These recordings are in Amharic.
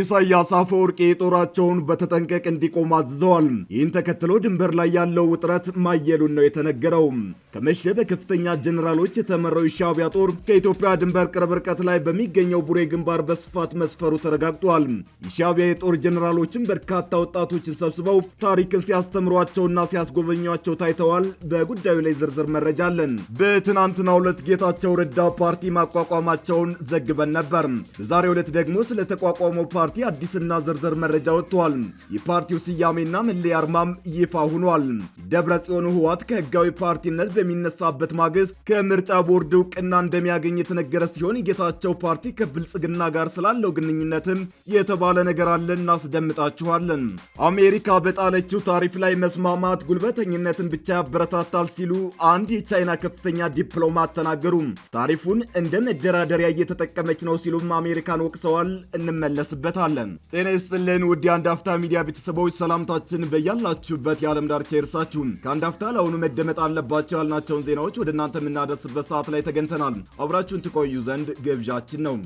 ኢሳያስ አፈወርቂ ጦራቸውን በተጠንቀቅ እንዲቆም አዝዘዋል። ይህን ተከትሎ ድንበር ላይ ያለው ውጥረት ማየሉን ነው የተነገረው። ከመሸ በከፍተኛ ጀኔራሎች የተመራው የሻቢያ ጦር ከኢትዮጵያ ድንበር ቅርብ ርቀት ላይ በሚገኘው ቡሬ ግንባር በስፋት መስፈሩ ተረጋግጧል። የሻቢያ የጦር ጀኔራሎችን በርካታ ወጣቶችን ሰብስበው ታሪክን ሲያስተምሯቸውና ሲያስጎበኟቸው ታይተዋል። በጉዳዩ ላይ ዝርዝር መረጃ አለን። በትናንትና ዕለት ጌታቸው ረዳ ፓርቲ ማቋቋማቸውን ዘግበን ነበር። በዛሬ ሁለት ደግሞ ስለተቋቋመው ፓርቲ አዲስና ዝርዝር መረጃ ወጥቷል። የፓርቲው ስያሜና መለያ አርማም ይፋ ሆኗል። ደብረ ጽዮን ህዋት ከህጋዊ ፓርቲነት በሚነሳበት ማግስት ከምርጫ ቦርድ እውቅና እንደሚያገኝ የተነገረ ሲሆን የጌታቸው ፓርቲ ከብልጽግና ጋር ስላለው ግንኙነትም የተባለ ነገር አለ፣ እናስደምጣችኋለን። አሜሪካ በጣለችው ታሪፍ ላይ መስማማት ጉልበተኝነትን ብቻ ያበረታታል ሲሉ አንድ የቻይና ከፍተኛ ዲፕሎማት ተናገሩ። ታሪፉን እንደ መደራደሪያ እየተጠቀመች ነው ሲሉም አሜሪካን ወቅሰዋል። እንመለስበት እንመለስበታለን። ጤና ይስጥልን ውድ የአንድ አፍታ ሚዲያ ቤተሰቦች ሰላምታችን በያላችሁበት የዓለም ዳርቻ ይርሳችሁ። ከአንድ አፍታ ለአሁኑ መደመጥ አለባቸው ያልናቸውን ዜናዎች ወደ እናንተ የምናደርስበት ሰዓት ላይ ተገኝተናል። አብራችሁን ትቆዩ ዘንድ ግብዣችን ነው።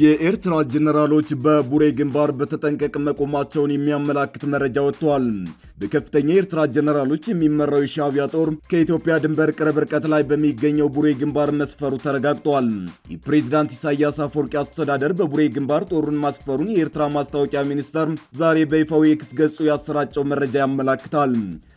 የኤርትራ ጀነራሎች በቡሬ ግንባር በተጠንቀቅ መቆማቸውን የሚያመላክት መረጃ ወጥቷል። በከፍተኛ የኤርትራ ጀነራሎች የሚመራው የሻቢያ ጦር ከኢትዮጵያ ድንበር ቅርብ ርቀት ላይ በሚገኘው ቡሬ ግንባር መስፈሩ ተረጋግጧል። የፕሬዚዳንት ኢሳያስ አፈወርቂ አስተዳደር በቡሬ ግንባር ጦሩን ማስፈሩን የኤርትራ ማስታወቂያ ሚኒስተር ዛሬ በይፋዊ የኤክስ ገጹ ያሰራጨው መረጃ ያመላክታል።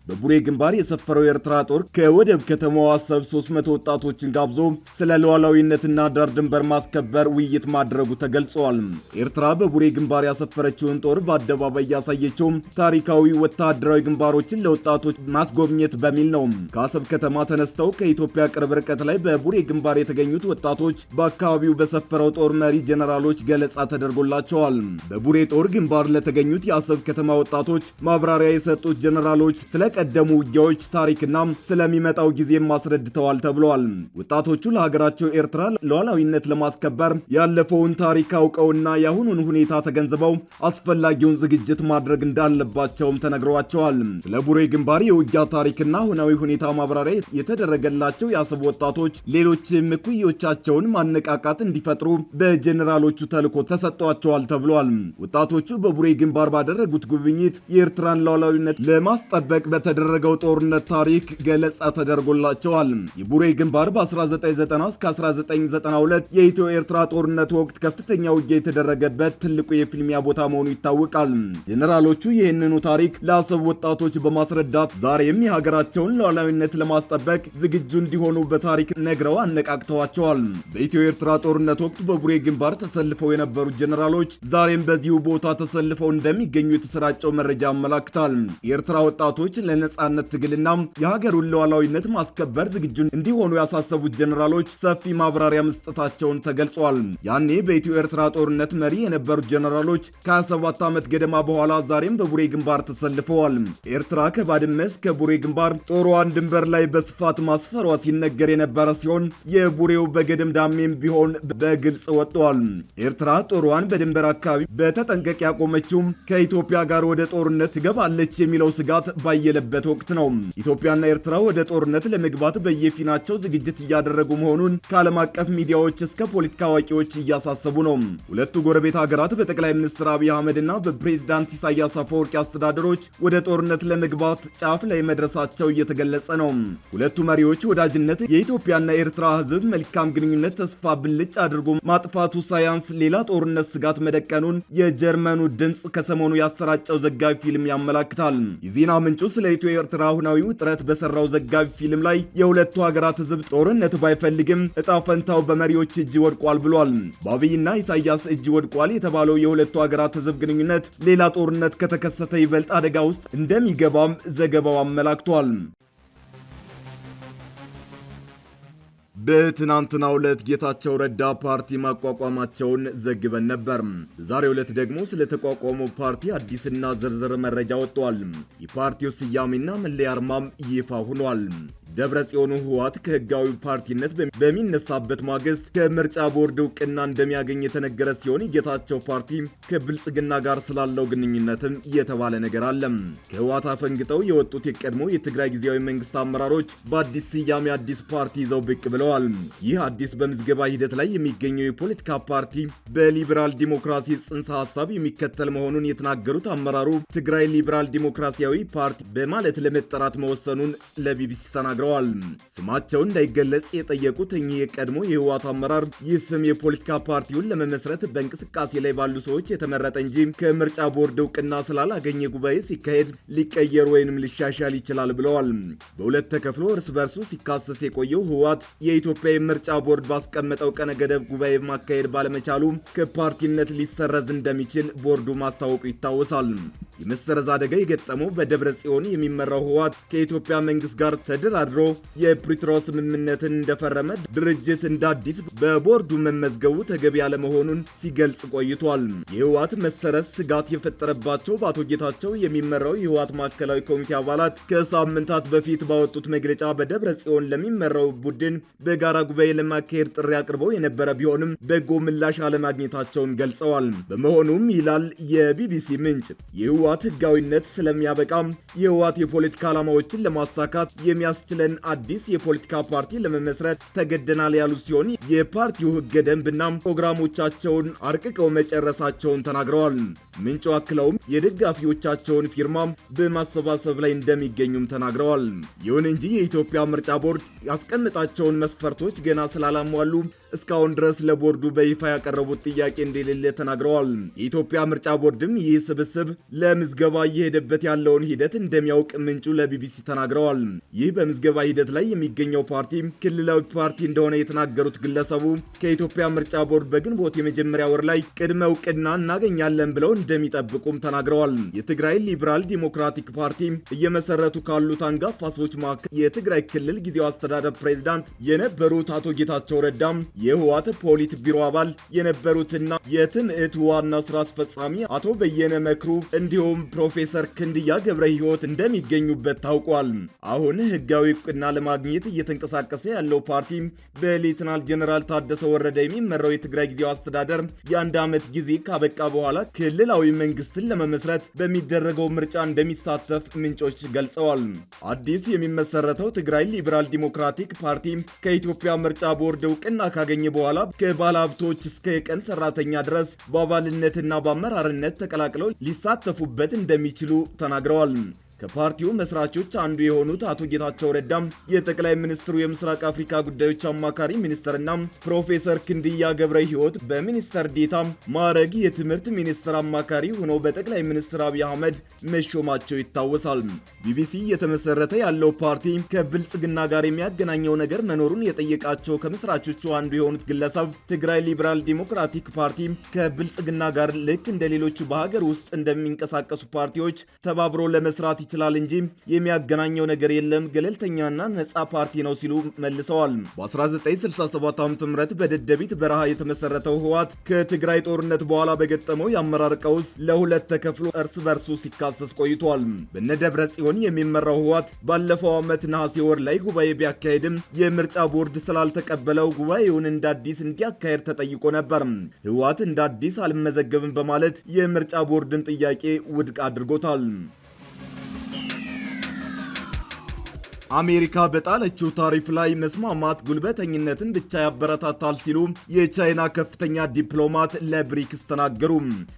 በቡሬ ግንባር የሰፈረው የኤርትራ ጦር ከወደብ ከተማዋ ሰብ 300 ወጣቶችን ጋብዞ ስለ ሉዓላዊነትና ዳር ድንበር ማስከበር ውይይት ማድረጉ ተገልጿል። ኤርትራ በቡሬ ግንባር ያሰፈረችውን ጦር በአደባባይ ያሳየችው ታሪካዊ ወታደራዊ ግንባሮችን ለወጣቶች ማስጎብኘት በሚል ነው። ከአሰብ ከተማ ተነስተው ከኢትዮጵያ ቅርብ ርቀት ላይ በቡሬ ግንባር የተገኙት ወጣቶች በአካባቢው በሰፈረው ጦር መሪ ጀነራሎች ገለጻ ተደርጎላቸዋል። በቡሬ ጦር ግንባር ለተገኙት የአሰብ ከተማ ወጣቶች ማብራሪያ የሰጡት ጀነራሎች ስለ ቀደሙ ውጊያዎች ታሪክና ስለሚመጣው ጊዜም አስረድተዋል ተብሏል። ወጣቶቹ ለሀገራቸው ኤርትራ ሉዓላዊነት ለማስከበር ያለፈውን ታሪክ አውቀውና የአሁኑን ሁኔታ ተገንዝበው አስፈላጊውን ዝግጅት ማድረግ እንዳለባቸውም ተነግረዋቸዋል። ስለ ቡሬ ግንባር የውጊያ ታሪክና ሁናዊ ሁኔታ ማብራሪያ የተደረገላቸው የአሰብ ወጣቶች ሌሎችም ኩዮቻቸውን ማነቃቃት እንዲፈጥሩ በጀኔራሎቹ ተልዕኮ ተሰጥቷቸዋል ተብሏል። ወጣቶቹ በቡሬ ግንባር ባደረጉት ጉብኝት የኤርትራን ሉዓላዊነት ለማስጠበቅ ስለተደረገው ጦርነት ታሪክ ገለጻ ተደርጎላቸዋል። የቡሬ ግንባር በ1990 እስከ 1992 የኢትዮ ኤርትራ ጦርነት ወቅት ከፍተኛ ውጊያ የተደረገበት ትልቁ የፊልሚያ ቦታ መሆኑ ይታወቃል። ጀኔራሎቹ ይህንኑ ታሪክ ለአሰብ ወጣቶች በማስረዳት ዛሬም የሀገራቸውን ሉዓላዊነት ለማስጠበቅ ዝግጁ እንዲሆኑ በታሪክ ነግረው አነቃቅተዋቸዋል። በኢትዮ ኤርትራ ጦርነት ወቅት በቡሬ ግንባር ተሰልፈው የነበሩት ጀኔራሎች ዛሬም በዚሁ ቦታ ተሰልፈው እንደሚገኙ የተሰራጨው መረጃ ያመላክታል። የኤርትራ ወጣቶች ለነጻነት ትግልና የሀገሩን ሉዓላዊነት ማስከበር ዝግጁ እንዲሆኑ ያሳሰቡት ጀኔራሎች ሰፊ ማብራሪያ መስጠታቸውን ተገልጿል። ያኔ በኢትዮ ኤርትራ ጦርነት መሪ የነበሩት ጀነራሎች ከ27 ዓመት ገደማ በኋላ ዛሬም በቡሬ ግንባር ተሰልፈዋል። ኤርትራ ከባድመ እስከ ቡሬ ግንባር ጦሯን ድንበር ላይ በስፋት ማስፈሯ ሲነገር የነበረ ሲሆን የቡሬው በገደም ዳሜም ቢሆን በግልጽ ወጥቷል። ኤርትራ ጦሯን በድንበር አካባቢ በተጠንቀቅ ያቆመችውም ከኢትዮጵያ ጋር ወደ ጦርነት ትገባለች የሚለው ስጋት ባየለ ባለበት ወቅት ነው። ኢትዮጵያና ኤርትራ ወደ ጦርነት ለመግባት በየፊናቸው ዝግጅት እያደረጉ መሆኑን ከዓለም አቀፍ ሚዲያዎች እስከ ፖለቲካ አዋቂዎች እያሳሰቡ ነው። ሁለቱ ጎረቤት ሀገራት በጠቅላይ ሚኒስትር አብይ አህመድና በፕሬዝዳንት ኢሳያስ አፈወርቂ አስተዳደሮች ወደ ጦርነት ለመግባት ጫፍ ላይ መድረሳቸው እየተገለጸ ነው። ሁለቱ መሪዎች ወዳጅነት የኢትዮጵያና የኤርትራ ህዝብ መልካም ግንኙነት ተስፋ ብልጭ አድርጎ ማጥፋቱ ሳያንስ ሌላ ጦርነት ስጋት መደቀኑን የጀርመኑ ድምፅ ከሰሞኑ ያሰራጨው ዘጋቢ ፊልም ያመላክታል። የዜና ምንጩ ስለ በኢትዮ ኤርትራ አሁናዊ ውጥረት በሰራው ዘጋቢ ፊልም ላይ የሁለቱ ሀገራት ህዝብ ጦርነት ባይፈልግም እጣፈንታው ፈንታው በመሪዎች እጅ ወድቋል ብሏል። በአብይና ኢሳያስ እጅ ወድቋል የተባለው የሁለቱ ሀገራት ህዝብ ግንኙነት ሌላ ጦርነት ከተከሰተ ይበልጥ አደጋ ውስጥ እንደሚገባም ዘገባው አመላክቷል። በትናንትናው ዕለት ጌታቸው ረዳ ፓርቲ ማቋቋማቸውን ዘግበን ነበር። በዛሬው ዕለት ደግሞ ስለተቋቋመው ፓርቲ አዲስና ዝርዝር መረጃ ወጥቷል። የፓርቲው ስያሜና መለያ አርማም ይፋ ሆኗል። ደብረ ጽዮን ህወሓት ከህጋዊ ፓርቲነት በሚነሳበት ማግስት ከምርጫ ቦርድ እውቅና እንደሚያገኝ የተነገረ ሲሆን የጌታቸው ፓርቲ ከብልጽግና ጋር ስላለው ግንኙነትም የተባለ ነገር አለም። ከህወሓት አፈንግጠው የወጡት የቀድሞ የትግራይ ጊዜያዊ መንግስት አመራሮች በአዲስ ስያሜ አዲስ ፓርቲ ይዘው ብቅ ብለዋል። ይህ አዲስ በምዝገባ ሂደት ላይ የሚገኘው የፖለቲካ ፓርቲ በሊበራል ዲሞክራሲ ጽንሰ ሀሳብ የሚከተል መሆኑን የተናገሩት አመራሩ ትግራይ ሊበራል ዲሞክራሲያዊ ፓርቲ በማለት ለመጠራት መወሰኑን ለቢቢሲ ተናግረዋል። ተናግረዋል። ስማቸው እንዳይገለጽ የጠየቁት እኚህ የቀድሞ የህወሓት አመራር ይህ ስም የፖለቲካ ፓርቲውን ለመመስረት በእንቅስቃሴ ላይ ባሉ ሰዎች የተመረጠ እንጂ ከምርጫ ቦርድ እውቅና ስላላገኘ ጉባኤ ሲካሄድ ሊቀየር ወይንም ሊሻሻል ይችላል ብለዋል። በሁለት ተከፍሎ እርስ በርሱ ሲካሰስ የቆየው ህወሓት የኢትዮጵያ የምርጫ ቦርድ ባስቀመጠው ቀነ ገደብ ጉባኤ ማካሄድ ባለመቻሉ ከፓርቲነት ሊሰረዝ እንደሚችል ቦርዱ ማስታወቁ ይታወሳል። የመሰረዝ አደጋ የገጠመው በደብረ ጽዮን የሚመራው ህወሓት ከኢትዮጵያ መንግስት ጋር ተደራ አድሮ የፕሪቶሪያው ስምምነትን እንደፈረመ ድርጅት እንደ አዲስ በቦርዱ መመዝገቡ ተገቢ ያለመሆኑን ሲገልጽ ቆይቷል። የህወሓት መሰረዝ ስጋት የፈጠረባቸው በአቶ ጌታቸው የሚመራው የህወሓት ማዕከላዊ ኮሚቴ አባላት ከሳምንታት በፊት ባወጡት መግለጫ በደብረ ጽዮን ለሚመራው ቡድን በጋራ ጉባኤ ለማካሄድ ጥሪ አቅርበው የነበረ ቢሆንም በጎ ምላሽ አለማግኘታቸውን ገልጸዋል። በመሆኑም ይላል የቢቢሲ ምንጭ የህወሓት ህጋዊነት ስለሚያበቃም የህወሓት የፖለቲካ ዓላማዎችን ለማሳካት የሚያስችል ለን አዲስ የፖለቲካ ፓርቲ ለመመስረት ተገደናል ያሉ ሲሆን የፓርቲው ህገ ደንብና ፕሮግራሞቻቸውን አርቅቀው መጨረሳቸውን ተናግረዋል። ምንጩ አክለውም የደጋፊዎቻቸውን ፊርማ በማሰባሰብ ላይ እንደሚገኙም ተናግረዋል። ይሁን እንጂ የኢትዮጵያ ምርጫ ቦርድ ያስቀምጣቸውን መስፈርቶች ገና ስላላሟሉ እስካሁን ድረስ ለቦርዱ በይፋ ያቀረቡት ጥያቄ እንደሌለ ተናግረዋል። የኢትዮጵያ ምርጫ ቦርድም ይህ ስብስብ ለምዝገባ እየሄደበት ያለውን ሂደት እንደሚያውቅ ምንጩ ለቢቢሲ ተናግረዋል። ይህ በምዝገባ ሂደት ላይ የሚገኘው ፓርቲ ክልላዊ ፓርቲ እንደሆነ የተናገሩት ግለሰቡ ከኢትዮጵያ ምርጫ ቦርድ በግንቦት የመጀመሪያ ወር ላይ ቅድመ እውቅና እናገኛለን ብለው እንደሚጠብቁም ተናግረዋል። የትግራይ ሊበራል ዲሞክራቲክ ፓርቲ እየመሰረቱ ካሉት አንጋፋሶች መካከል የትግራይ ክልል ጊዜያዊ አስተዳደር ፕሬዚዳንት የነበሩት አቶ ጌታቸው ረዳም የህወሓት ፖሊት ቢሮ አባል የነበሩትና የትምዕት ዋና ስራ አስፈጻሚ አቶ በየነ መክሩ እንዲሁም ፕሮፌሰር ክንድያ ገብረ ህይወት እንደሚገኙበት ታውቋል። አሁን ህጋዊ እውቅና ለማግኘት እየተንቀሳቀሰ ያለው ፓርቲ በሌትናል ጀነራል ታደሰ ወረደ የሚመራው የትግራይ ጊዜያዊ አስተዳደር የአንድ ዓመት ጊዜ ካበቃ በኋላ ክልላዊ መንግስትን ለመመስረት በሚደረገው ምርጫ እንደሚሳተፍ ምንጮች ገልጸዋል። አዲስ የሚመሰረተው ትግራይ ሊበራል ዲሞክራቲክ ፓርቲ ከኢትዮጵያ ምርጫ ቦርድ እውቅና ካገኘ በኋላ ከባለ ሀብቶች እስከ የቀን ሰራተኛ ድረስ በአባልነትና በአመራርነት ተቀላቅለው ሊሳተፉበት እንደሚችሉ ተናግረዋል። ከፓርቲው መስራቾች አንዱ የሆኑት አቶ ጌታቸው ረዳም የጠቅላይ ሚኒስትሩ የምስራቅ አፍሪካ ጉዳዮች አማካሪ ሚኒስትርና ፕሮፌሰር ክንድያ ገብረ ህይወት በሚኒስተር ዴታ ማዕረግ የትምህርት ሚኒስትር አማካሪ ሆነው በጠቅላይ ሚኒስትር አብይ አህመድ መሾማቸው ይታወሳል። ቢቢሲ እየተመሰረተ ያለው ፓርቲ ከብልጽግና ጋር የሚያገናኘው ነገር መኖሩን የጠየቃቸው ከመስራቾቹ አንዱ የሆኑት ግለሰብ ትግራይ ሊበራል ዲሞክራቲክ ፓርቲ ከብልጽግና ጋር ልክ እንደሌሎቹ በሀገር ውስጥ እንደሚንቀሳቀሱ ፓርቲዎች ተባብሮ ለመስራት ይችላል እንጂ የሚያገናኘው ነገር የለም፣ ገለልተኛና ነጻ ፓርቲ ነው ሲሉ መልሰዋል። በ1967 ዓ ም በደደቢት በረሃ የተመሰረተው ህወሓት ከትግራይ ጦርነት በኋላ በገጠመው የአመራር ቀውስ ለሁለት ተከፍሎ እርስ በርሱ ሲካሰስ ቆይቷል። በነደብረ ጽዮን የሚመራው ህወሓት ባለፈው ዓመት ነሐሴ ወር ላይ ጉባኤ ቢያካሄድም የምርጫ ቦርድ ስላልተቀበለው ጉባኤውን እንደ አዲስ እንዲያካሄድ ተጠይቆ ነበር። ህወሓት እንደ አዲስ አልመዘገብም በማለት የምርጫ ቦርድን ጥያቄ ውድቅ አድርጎታል። አሜሪካ በጣለችው ታሪፍ ላይ መስማማት ጉልበተኝነትን ብቻ ያበረታታል ሲሉ የቻይና ከፍተኛ ዲፕሎማት ለብሪክስ ተናገሩ።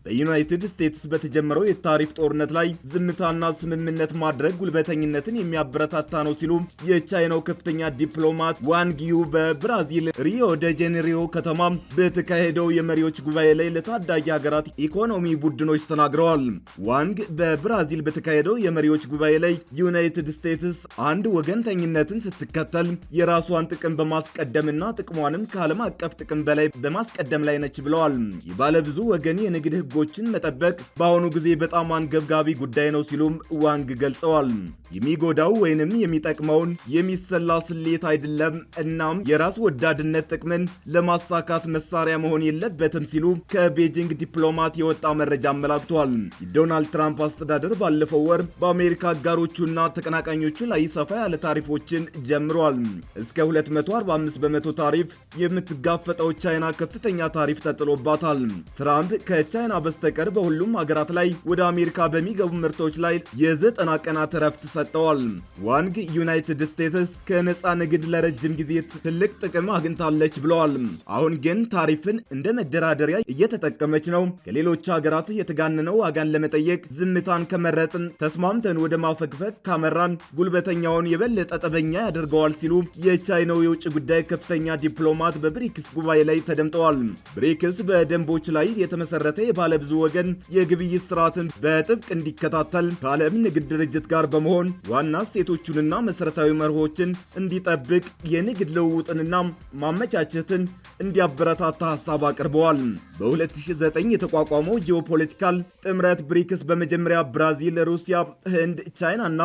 በዩናይትድ ስቴትስ በተጀመረው የታሪፍ ጦርነት ላይ ዝምታና ስምምነት ማድረግ ጉልበተኝነትን የሚያበረታታ ነው ሲሉ የቻይናው ከፍተኛ ዲፕሎማት ዋንጊዩ በብራዚል ሪዮ ደ ጄኔሪዮ ከተማ በተካሄደው የመሪዎች ጉባኤ ላይ ለታዳጊ ሀገራት ኢኮኖሚ ቡድኖች ተናግረዋል። ዋንግ በብራዚል በተካሄደው የመሪዎች ጉባኤ ላይ ዩናይትድ ስቴትስ አንድ ወገንተኝነትን ስትከተል የራሷን ጥቅም በማስቀደምና ጥቅሟንም ከዓለም አቀፍ ጥቅም በላይ በማስቀደም ላይ ነች ብለዋል። የባለብዙ ወገን የንግድ ህጎችን መጠበቅ በአሁኑ ጊዜ በጣም አንገብጋቢ ጉዳይ ነው ሲሉም ዋንግ ገልጸዋል። የሚጎዳው ወይንም የሚጠቅመውን የሚሰላ ስሌት አይደለም። እናም የራስ ወዳድነት ጥቅምን ለማሳካት መሳሪያ መሆን የለበትም ሲሉ ከቤጂንግ ዲፕሎማት የወጣ መረጃ አመላክቷል። የዶናልድ ትራምፕ አስተዳደር ባለፈው ወር በአሜሪካ አጋሮቹና ተቀናቃኞቹ ላይ ሰፋ ያለ ታሪፎችን ጀምሯል። እስከ 245 በመቶ ታሪፍ የምትጋፈጠው ቻይና ከፍተኛ ታሪፍ ተጥሎባታል። ትራምፕ ከቻይና በስተቀር በሁሉም ሀገራት ላይ ወደ አሜሪካ በሚገቡ ምርቶች ላይ የዘጠና ቀናት እረፍት ሰጥተዋል። ዋንግ ዩናይትድ ስቴትስ ከነፃ ንግድ ለረጅም ጊዜ ትልቅ ጥቅም አግኝታለች ብለዋል። አሁን ግን ታሪፍን እንደ መደራደሪያ እየተጠቀመች ነው። ከሌሎች ሀገራት የተጋነነው ዋጋን ለመጠየቅ ዝምታን ከመረጥን፣ ተስማምተን ወደ ማፈግፈግ ካመራን ጉልበተኛውን የበለጠ ጠበኛ ያደርገዋል ሲሉ የቻይናው የውጭ ጉዳይ ከፍተኛ ዲፕሎማት በብሪክስ ጉባኤ ላይ ተደምጠዋል። ብሪክስ በደንቦች ላይ የተመሰረተ የባለብዙ ወገን የግብይት ስርዓትን በጥብቅ እንዲከታተል ከዓለም ንግድ ድርጅት ጋር በመሆን ዋና ሴቶቹንና መሠረታዊ መርሆችን እንዲጠብቅ የንግድ ልውውጥንና ማመቻቸትን እንዲያበረታታ ሀሳብ አቅርበዋል። በ2009 የተቋቋመው ጂኦፖለቲካል ጥምረት ብሪክስ በመጀመሪያ ብራዚል፣ ሩሲያ፣ ህንድ፣ ቻይና እና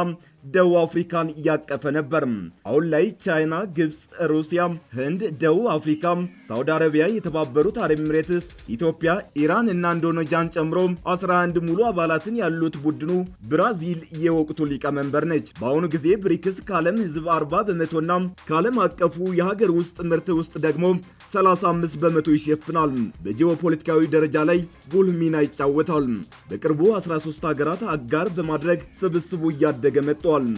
ደቡብ አፍሪካን እያቀፈ ነበር። አሁን ላይ ቻይና፣ ግብፅ፣ ሩሲያ፣ ህንድ፣ ደቡብ አፍሪካ፣ ሳውዲ አረቢያ፣ የተባበሩት አረብ ኤምሬትስ፣ ኢትዮጵያ፣ ኢራን እና ኢንዶኔዥያን ጨምሮ 11 ሙሉ አባላትን ያሉት ቡድኑ ብራዚል የወቅቱ ሊቀመንበር ነች። በአሁኑ ጊዜ ብሪክስ ከዓለም ህዝብ 40 በመቶና ከዓለም አቀፉ የሀገር ውስጥ ምርት ውስጥ ደግሞ 35 በመቶ ይሸፍናል። በጂኦፖ ፖለቲካዊ ደረጃ ላይ ጉልህ ሚና ይጫወታል። በቅርቡ 13 ሀገራት አጋር በማድረግ ስብስቡ እያደገ መጥቷል።